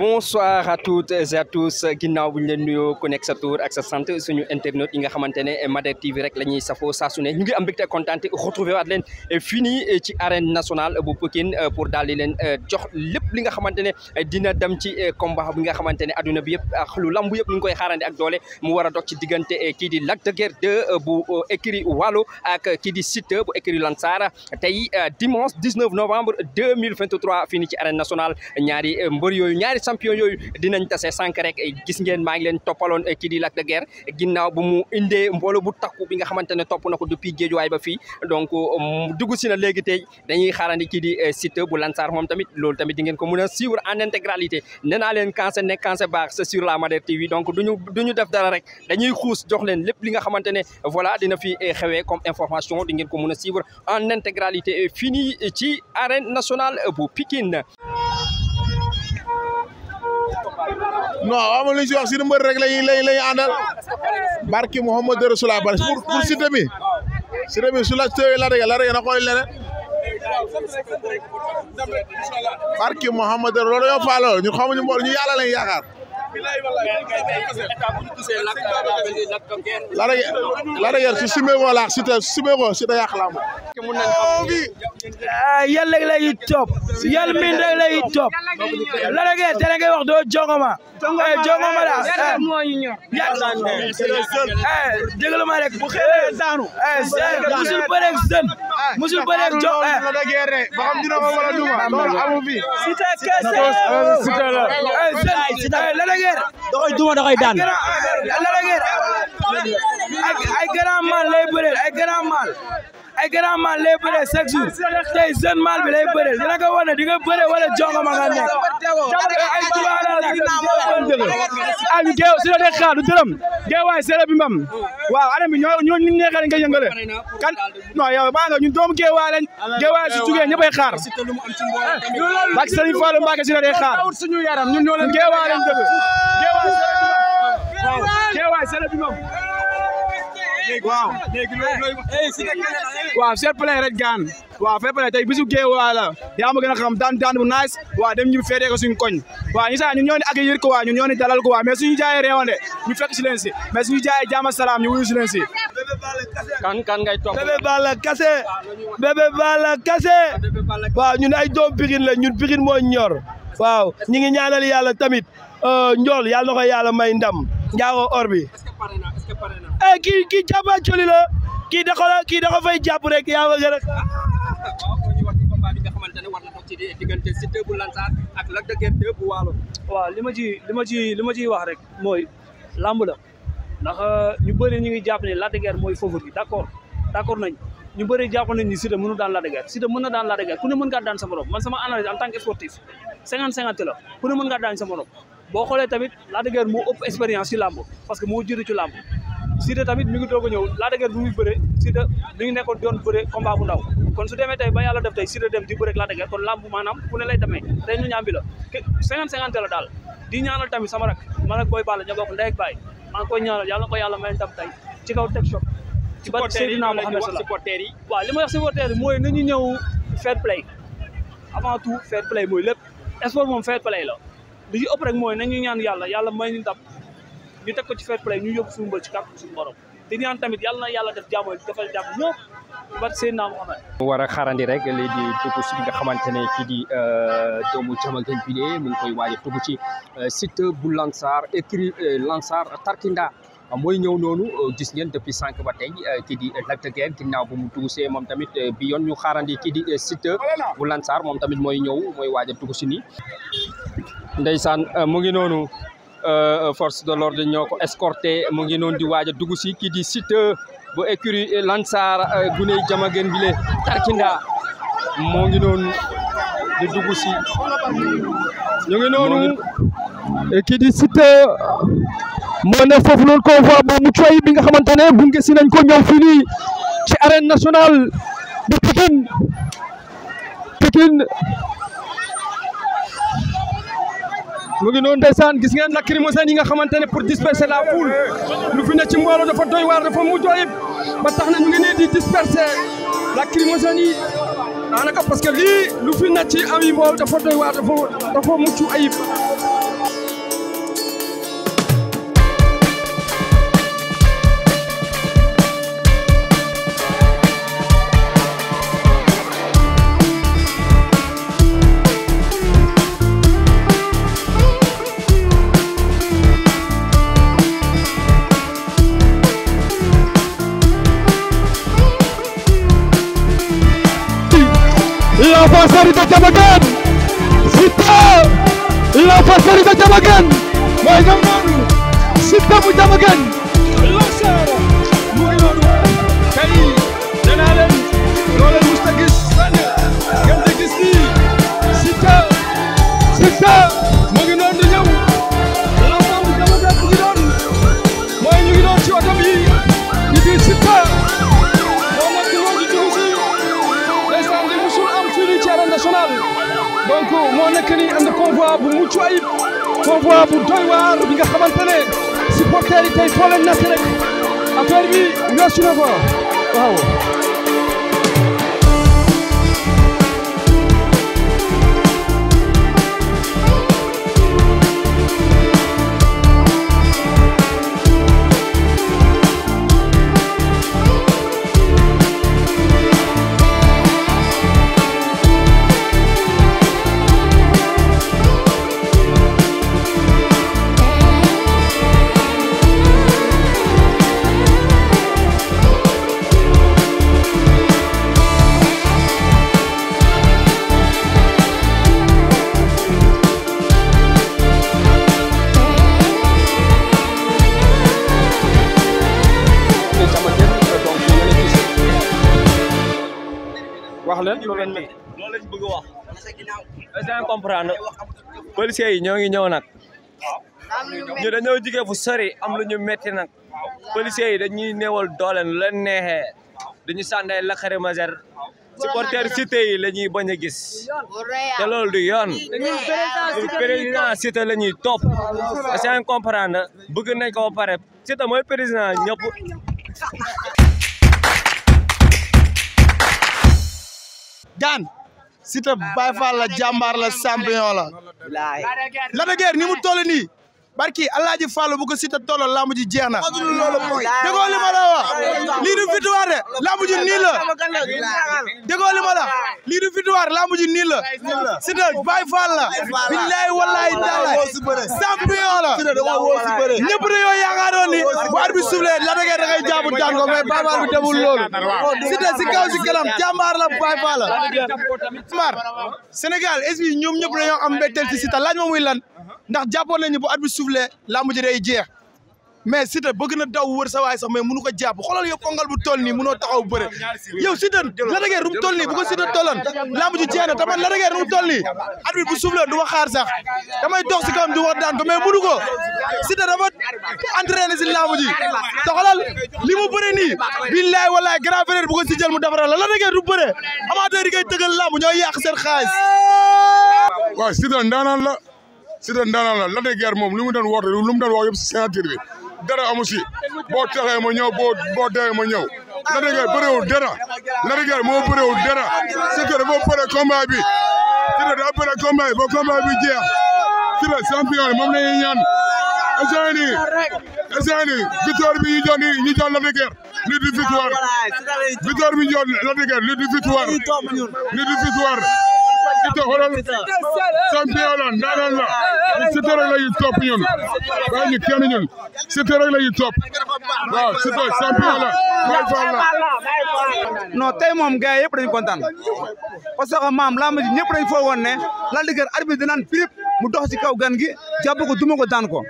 bonsoir à toutes et à tous ginnaaw bu ñu leen nuyoo ku nekk sa tur yi nga xamante ne Mader TV rek la ñuy safoo saa su ne ñu ngi am mbégte kontaan retrouver waat leen fii nii ci arène nationale bu Pikine pour daal jox lépp li nga xamante ne dina dem ci combat bi nga xamante ne adduna bi yëpp ak lu lamb yëpp ñu ngi koy xaarandi ak doole mu war a dox ci diggante kii di Lac de Guiers 2 bu écurie Walo ak kii di Siteu bu écurie Lansar tey dimanche 19 novembre 2023 fii nii ci arène nationale ñaari mbër yooyu ñaari champion yooyu dinañ tassé sank rek gis ngeen ma ngi len topalon eh, di Lac de guerre. ginnaw bu mu indé mbolo bu takku bi nga xamantene top nako na ko depuis géejuwaay ba fi donc um, dugg si na léegi dañuy xarandi kii di eh, bu Lansar mom tamit loolu tamit di ngeen ko suivre en intégralité nee naa leen Kanse nekk Kanse c'est sur la Madère TV donc duñu duñu def dara rek dañuy xous jox len lepp li nga xamantene voilà dina fi eh, xewé comme information di ngeen ko mën suivre en intégralité fini ci arène nationale bu Pikine non amul lu ñu si wax si mbër rek lañuy lañ la ñu barki Mouhamadou Rasulullah bari pour pour Siteu bi Siteu bi su la tëwee la dëgg la dëgg na xool leneen barki Mouhamadou loolu ñoo faa loolu ñun xamuñu mbool ñu yàlla lañ Lac de Guiers su simeekoo laax si te simeekoo si te yàq laa moom. Ah, yàlla rek lay topp yàlla min rek lay topp Lac de Guiers dana ngay wax doo jongoma jongoma eh, la eh. rek bu xeelee daanu. musul bëreeg sën musul bëreeg jo. ba xam dina ko wala duma loolu amu fi. Siteu kese la. Siteu la duma da daan. la la ay grand mal lay ay grand mal. ay grand mal lay bëree chaque jour tey bi lay bëree dina ko wane di nga bëree wala jonga ma nga nekk ay ah ñu géew si la dee xaar du dërëm géewaay seere bi mbam waaw anam bi ñoo ñoo ñu neexee dañ koy yëngale kan non yow maa nga ñun doomu géewaay lañ géewaay su jugee ñëppay xaar bak Serigne Fallou Mbacké si la dee xaar ñun ñoo leen géewaay lañ dëgg géewaay seere bi mbam waaw waaw fair play rek gaan waaw fair play tey bisu Guédiawaye la yaa ma gën a xam daan daan bu nice waaw dem ñu féetee ko suñu koñ waaw ñu saa ñun ñoo ni accueillir ko waaw ñun ñoo ni dalal ko waaw mais suñu jaayee réewande ñu fekk si si mais suñu jaayee jaama salaam ñu wuyu si leen si kan kan ngay topp Bébé Balla kase Bébé Balla kase waaw ñun ay doom Pikine la ñun Pikine moo ñor waaw ñi ngi ñaanal yàlla tamit euh, njool yàlla na ko yàlla may ndam njaago or Eh, kii kii jàmbaar joli la kii da ko kii da fay jàpp rek yaa ma gën a. waaw li ma ci li ma ci li ma ciy wax rek mooy lamb la ndax euh, ñu bëri ñu ngi jàpp ne Lac de Guiers mooy favori bi d' accord d' accord nañ ñu bëri jàpp nañ ni Siteu mënu daan Lac de Guiers Siteu daan Lac ku ne mën ngaa daan sa morom man sama analyse en tant que sportif cinquante cinquante la ku ne mën ngaa daan sa morom boo xoolee tamit Lac de Guiers moo ëpp expérience ci lamb parce que moo jëriñ ci lamb Siteu tamit mi ngi doog a ñëw Lac de Guiers bu muy bëre Siteu mi ngi nekkoon doon bëre combat bu ndaw kon su demee tey ba yàlla def tey dem di bëre ak Lac de Guiers kon làmb maanaam ku ne lay demee tey ñu ñaambi la cinquante cinquante la daal di ñaanal tamit sama rak man ak Boy ñoo bokk ndey baay maa ngi koy yàlla na ko yàlla may ndam tey ci kaw teg choc ci bat Seydina Mohamed li ma wax supporters yi mooy nañu ñëw fair play avant tout fair play lépp sport moom fair play la li ci ëpp rek mooy nañu ñaan yàlla yàlla may ñu ndam ñu teg ko ci fair play ñu yóbbu suñu mbër ci kàpp suñu borom te ñaan yàlla na yàlla def jàmm dafal jàmm ñëpp war a xaarandi rek léegi di dugg si nga xamante ne kii di euh, doomu jamagen bi mu ngi koy waaj a ci euh, site bu Lansar écrit euh, Lansar Tarkinda mooy ñëw noonu gis ngeen depuis cinq ba tey kii di Lac de Guiers ginnaaw bu mu see moom tamit bi yoon ñu xaarandi kii di site bu Lansar moom tamit mooy ñëw mooy waaj a si nii ndeysaan mu ngi noonu Euh, force de l'ordre ñoo ko escorté mu ngi noonu di waaj a dugg si kii di Siteu bu écurie Lansar euh, guney jamagen bi le Tarkinda moo ngi noonu di dugg si ngi noonu eh, kii di Siteu moo ne foofu noonu convoi bu mucc ayib bi nga xamante ne gunge nañ ko ñëw fii nii ci arène nationale de Pikine mu ngi noonu ndeysaan gis ngeen lacrymogène yi nga xamante ne pour disperser la foule lu fi ne ci mbooloo dafa doy waar dafa mujj ayib ba na ñu ngi nii di disperser lacrymogène yi daanaka parce que lii lu fi ne ci am yi mbooloo dafa doy waar dafa dafa ayib. Lafasa Ritajabagan Sita Lafasa Ritajabagan Maigang Sita Mujabagan Lafasa Sénégal donc moo nekk nii ànd convoi bu mucc ayib convoi bu doy waar bi nga xamante ne supporters yi tey foo leen nekk rek affaire bi weesu na ko waaw. wax leen lu leen métti loolu lañ bëgg wax dañ comprendre yi ñoo ngi ñëw nag ñu dañoo jigee fu sori am lu ñu métti nag policiers yi dañuy néewal doole lu leen neexee dañu sànday lacrymogène supporter cité yi la ñuy bañ a gis te loolu du yoon président cité la ñuy topp c'est comprendre bëgg nañ ko pare cité mooy président ñëpp daan Siteu Baye Fall la jàmbaar la champion la. la ni mu toll nii. barki Alaaji Fallu bu ko Siteu tolloo jeex na déggoo li ma la wax lii du victoire de lamb ji nii la déggoo Baay Faal la wallaay taalaay champion la ñëpp dañoo bi suuflee la da ngay jàpp daan ko Baay Faal bi demul loolu Siteu si kaw si kanam jàmbaar la Baay Faal la mar Sénégal est-ce que ñoom ñëpp dañoo laaj ma muy lan ndax jàppoon nañu bu arbitre soufflé làmb ji day jeex mais Siteu bëgg na daw wër sa waay sax mais mënu ko jàpp xoolal yow kongal bu toll nii mënoo taxaw bëre yow Siteu la dëggeer nu mu toll nii bu ko Siteu tolloon làmb ji jeex na tamit la dëggeer nu mu toll nii arbitre bu soufflé du ma xaar sax damay dox si kawam du daan ko mais mënu ko Siteu dafa si làmb ji te bëre nii billaay wallaay grand frère bu mu defaral la la bëre amateur yi koy Siteu ndaanaan la Lac de moom lu mu doon woote lu mu doon wax yëpp si signature bi dara boo taxee ma ñëw boo boo dee ma ñëw Lac de Guiers bëréewul dara Lac de Guiers moo bëréewul dara Siteu dafa bëre combat bi Siteu dafa bëre combat bi ba combat bi jeex Siteu champion yi moom la ñuy ñaan essan yi essan yi bi ñu jox ñu jox Lac de Guiers lii di bi ñu jox Lac de Guiers lii Siteu xoolal champion la ndaanaan la Siteu rek la ñuy topp ñun waaye ñu kenn ñun Siteu rek la ñuy topp waaw Siteu champion la Baay Faal la non tey moom gars yi yëpp dañu kontaan parce que maam laa ma ji ñëpp ne Lac de Guiers arbitre dinaan mu dox kaw gan gi jàpp ko duma daan ko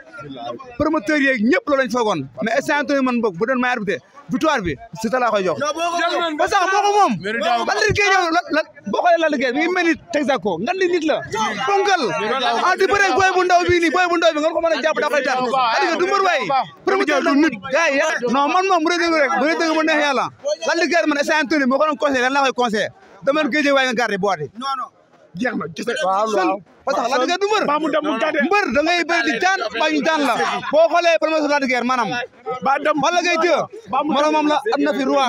promoteur yeeg ñëpp loolu foogoon mais instant yii man boog bu doon may arbitre victoire bi Siteu laa koy jox. parce que moo moom. Lac de Guiers la boo xoolee Lac de Guiers mi texaco ngandi nit la ponkal en di bere boy bu ndaw bi ni boy bu ndaw bi ngal ko meuna japp da fay tan adi ga du mur way premier du nit gay ya non man mom reug reug reug reug reug ma neex yalla lalu guer man essay antoni mo ko non conseil lan la koy conseil dama geje way nga garde boti non non jeex na jeex sen patax lan nga du mur ba mu dam mu gade mur da ngay beul di tan bañ tan la bo xole premier du guer manam ba dam wala ngay jeu manam mom la am na fi roi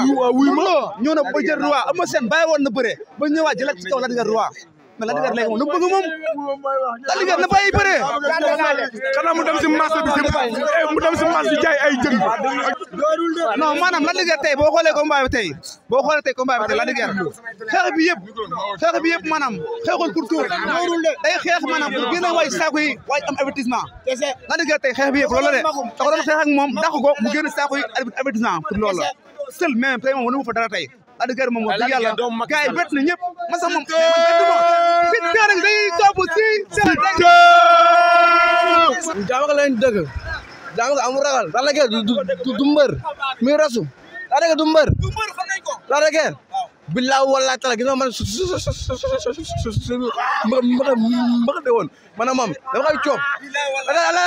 ñu na ba jeur roi am sen bay won na beure ba ñewa jeul ci taw lan nga roi mais Lac de Guiers léegi moom lu mu bëgg moom Lac de Guiers na bàyyi bëre xanaa mu dem eh, mu dem ay jën non maanaam Lac de tey boo xoolee combat bi tey boo xoolee tey combat bi tey Lac de Guiers xeex bi yëpp xeex bi yëpp maanaam xeexul pour tuur day xeex maanaam pour waay saako yi waay am avertissement Lac de tey xeex bi yëpp de da ko doon xeex ak moom dàq ko mu génne saako yi avertissement pour loolu la seul même fa dara tey adugar mo mo diga la kay bet ni ñep ma sama mo bet ka rek day topu ci ci jaw ak lañ deug jaw ak amu ragal da la gel du mbeur mi rasu da la gel du mbeur du mbeur xam nañ ko da la gel billahi wallahi tala gina man ma ma de won mana mam da nga ciop la la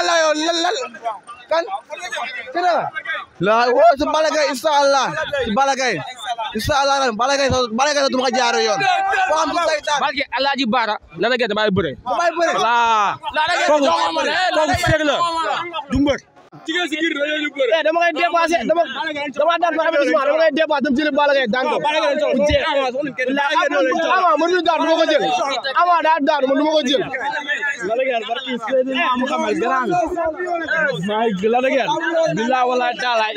la kan kan la wo si Balla Gaye incha allah si Balla Gaye incha allah Balla Gaye Balla Gaye du ma ko jaaree yoon. foo xam ne tey daal barke Alaaji Baara. la la gën damay bëre. damay bëre voilà. kooku kooku seeg la du mbër. jigéen si kii dañoo ñu bëre. dama koy dépassé dama dama daan ma avertissement dama koy dépassé dama jëli Balla Gaye daan ko. bu jeex ama mënuñu daan du ma ko jël ama daa daan man du ma ko jël. la dëgër barki Seydina Muhammad grand bi maa ngi la dëgër billaa wala daalaay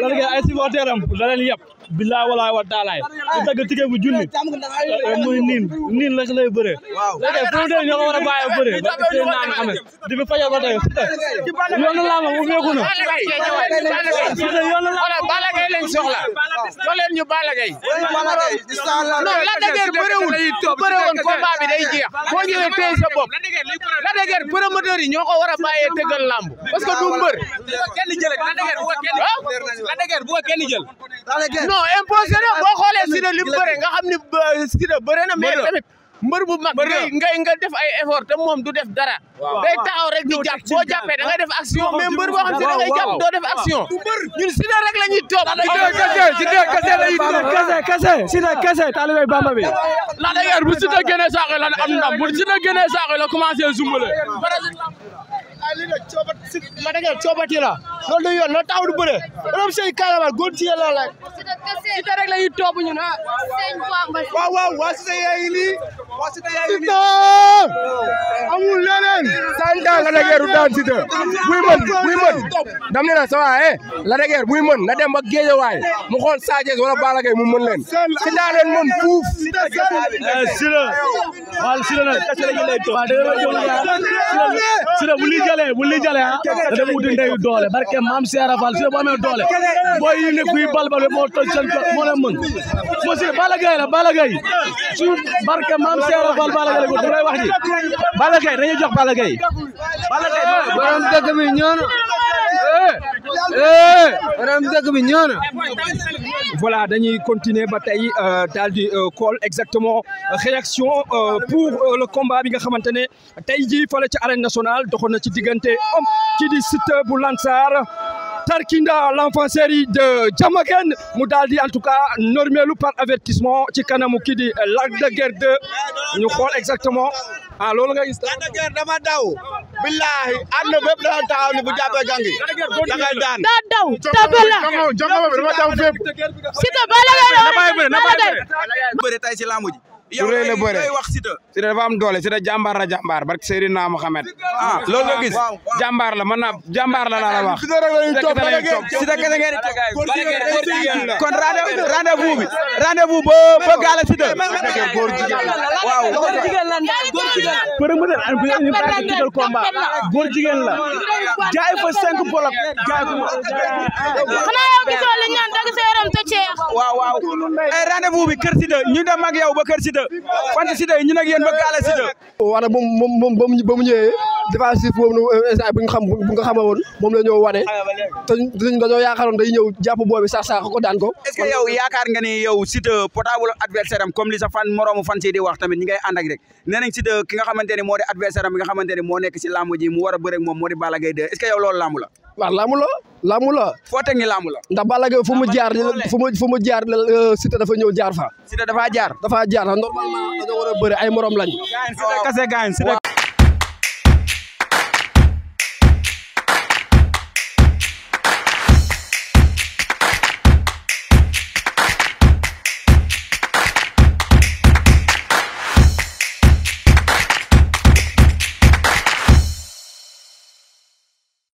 la dëgër ay supporter am da leen yëpp billaa wala wa daalaay di dagg tike a di bi fajal ba tey Siteu yoonu laa ma ubbeeku lay jeex bo ñewé pensa bop la déger promoteur yi ñoko wara bayé tégal lamb parce que du mbeur kenn jël ak la déger bu kenn la déger bu kenn jël la déger non imposé bo xolé sida li bëré nga xamni euh, sida bëré na mais tamit mbër bu mag ngay ngay nga def ay effort te moom du def dara day taxaw rek di boo jàppee da def action mais mbër boo xam si da ngay jàpp doo def action ñun si da rek la ñuy toog si da kese la kese kese bamba bi la da bu si da génnee saaxo la am na bu si da génnee la commencé zumbale si Madiagal coobatina loolu du yoon na taawul bëre borom sëy karamal góor ci yàlla la si te la ñuy topp ñu na waaw waaw waa si te yaa ngi nii waa si te yaa ngi nii amul leneen santaan la dageeru daan si te buy mën buy mën dam ne na sa waay na dem ba géejawaay mu xool Sadio wala Balla Gaye mu mën leen si daa leen mën si la waaw si la la ñu lay si la bu lii jëlee bu lii jëlee ah da dem doole barke maam Seera Fall si bu amee doole booy yi ne kuy balbal moo toj seen moo leen mën monsieur Balla Gaye la Balla Gaye su barke maam Seera Fall Balla Gaye la lay wax ji jox Balla Gaye Balla Gaye borom dëkk bi Eh, eh, eh, voilà dañuy continue ba euh, euh, exactement euh, réaction pour le combat bi nga il arène nationale Tarkinda l'enfant série de Diamaguène mu en tout cas ou par avertissement ci kanamu dit dit de guerre 2 exactement ah loolu nga gis. Lac de Guiers dama daw. billahi àdduna bépp dana taxaw ni bu jàppee gangi da ngay daan. daa daw tabe la. jango dama daw fépp. si te ba la ngay doon damay bëre damay bëre. bëre ji. yow lay wax si da si da dafa am doole si da jàmbaar la jàmbaar barke Seydina Mohamed ah loolu nga gis jàmbaar la mën naa jàmbaar la laa la wax si da kese ngeen kon rendez-vous rendez-vous bi rendez-vous ba ba gaala si da góor jigéen waaw góor jigéen la promoteur an la jaay fa cinq bolok waaw ay eh, rendez-vous bi kër si de ñu dem ak yow ba kër si de fante si de ñu nag yéen ba gaale si de wala mom mom mom ba mu ñëwee défensif boobu nu eh, instant bu ñu xam bu nga xamee woon moom la ñoo wane te dañ dañoo yaakaaroon day ñëw jàpp boobu sax sax ko daan ko. est ce que yow yaakaar nga ni yow si de potable adversaire am comme li sa fan moroomu fan si di wax tamit ñu ngay ànd ak rek nee nañ si de ki nga xamante ni moo di adversaire am nga xamante ni moo nekk si lamb ji mu war a bëri ak moom moo di bàlla ngay dee est ce que yow loolu lamb la. waaw lamb la lamu la fo tek ni lamu la ndax balage fumu jaar fumu fumu jaar cité eh, dafa ñew jaar fa cité dafa jaar dafa jaar normalement da nga wara beure ay morom lañ gaay cité kasse gaay cité